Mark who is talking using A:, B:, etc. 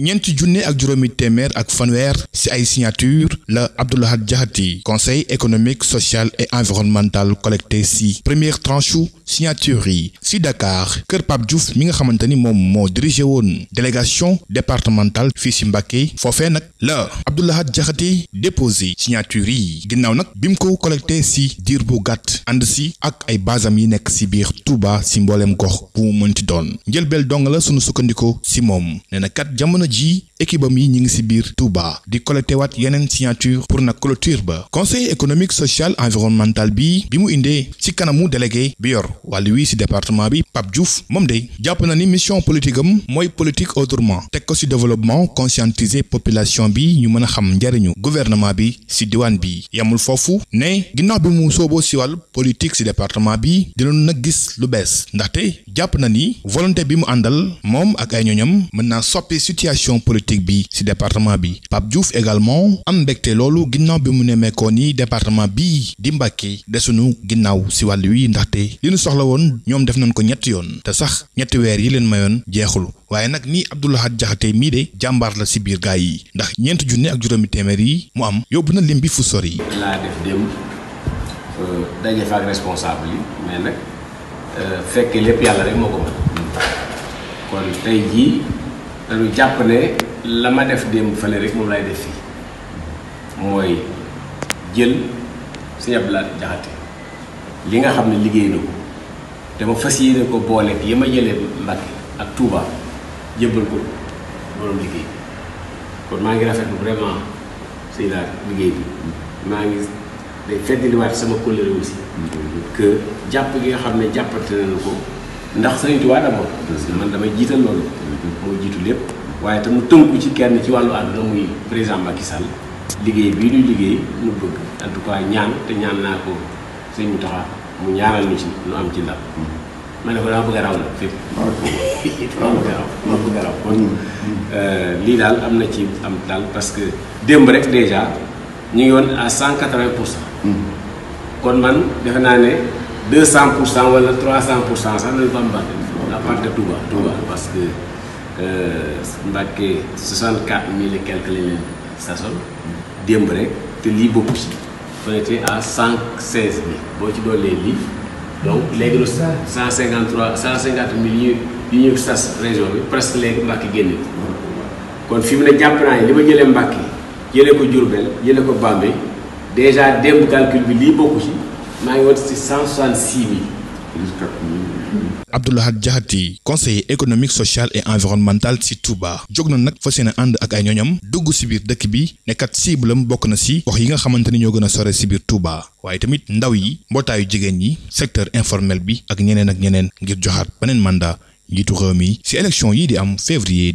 A: ñeenti junne ak juróomi téeméer ak fanweer ci ay signature la Abdou Lahad Diakhaté conseil économique social et environnemental collecté ci première tranche signature yi si Dakar Kër Pape Diouf mi nga xamante ni moom moo dirigé woon délégation départementale fii ci Mbacké foofee nag la Abdou Lahad Diakhaté déposé signature yi ginnaaw nag bi mu ko collecté ci diir bu gàtt ànd ci ak ay basam yi nekk ci biir Touba ci mbooleem gox bu mu mënti doon njëlbeel dong ji équipe am yi ñi ngi si biir Touba di collecté waat yeneen signature pour nag clôture ba conseil économique social environnemental bi bi mu indee ci kanamu délégué bi yor wàllu wii si département bi Pape Diouf moom de jàpp na ni mission politique am mooy politique autrement teg ko si développement conscientiser population bi ñu mën a xam njariñu gouvernement bi si diwaan bi yamul foofu ne ginnaaw bi mu sooboo si wàllu politique si département bi dinañu nag gis lu bees ndaxte jàpp na ni volonté bi mu àndal moom ak ay gestion politique bi ci département bi Pape Diouf également am mbégte loolu ginnaaw bi mu ne mekkoon ni département bii di Mbàkke desunu ginnaaw ci wàll wi ndaxte li ñu soxla woon ñoom def nañ ko ñett yoon te sax ñetti weer yi leen mayoon jeexul waaye nag ni Abdou Lahad Diakhaté mii de jàmbaar la ci biir gaay yi ndax ñeent junne ak juróomi téeméer yi mu am yóbbu na lim bi fu sori.
B: laa def démb euh, daje fa responsable yi mais nag euh, fekkee lépp yàlla rek moo ko mën dañu jàpp ne la ma def démb fale rek moom lay def fii mooy jël Sëñ Abdou Lahad li nga xam ne liggéey na ko dama fas yéene ko booleeg yi ma jëlee Mbàkke ak Touba jébbal ko borom liggéey kon maa ngi rafetlu vraiment sëñ laa liggéey bi maa ngi day feddaliwaat sama kóllëre aussi mm-hmm. que jàpp gi nga xam ne jàppante nañu ko ndax Sëriñ Tuubaa d'abord parce que man damay jiital loolu moo jiitu lépp waaye te mu tënku ci kenn ci wàllu àdduna muy président Macky Sall liggéey bii du liggéey mu bëgg en tout cas ñaan te ñaan naa ko sëñ mu taxa mu ñaanal ñu ci lu am ci ndam ma ne ko dama bëgg a raw la fépp dama bëgg a raw dama a raw kon euh, lii daal am na ci am daal parce que démb rek déjà ñu ngi woon à cent quatre-vingt pour cent hmm. kon man naa ne deux cent pour cent wala trois cent pour cent sax lañu Bambey à part de Touba Touba parce que euh, Mbacké soixante quatre mille et quelques lañ démb rek te lii bokku ci à cent seize mille boo ci doolee lii donc léegi lu cent cinquante trois cent cinquante mille yu ñu yu ñu sas région presque léegi Mbacké génne kon fi mu ne jàpp naa ne li ma jëlee Mbacké jëlee ko Diourbel jëlee ko Bambey déjà démb calcul bi lii bokku ci maa ngi woon si 166 000.
A: conseiller économique social et environnemental ci Touba jóg na nag fa yéene ànd ak ay ñooñam dugg ci biir dëkk bi nekkat cible bokk na ci wax yi nga xamante ni ñoo gën a sore ci biir Touba waaye tamit ndaw yi mbootaayu jigéen yi secteur informel bi ak ñeneen ak ñeneen ngir joxaat beneen mandat njiitu réew mi ci élection yi di am février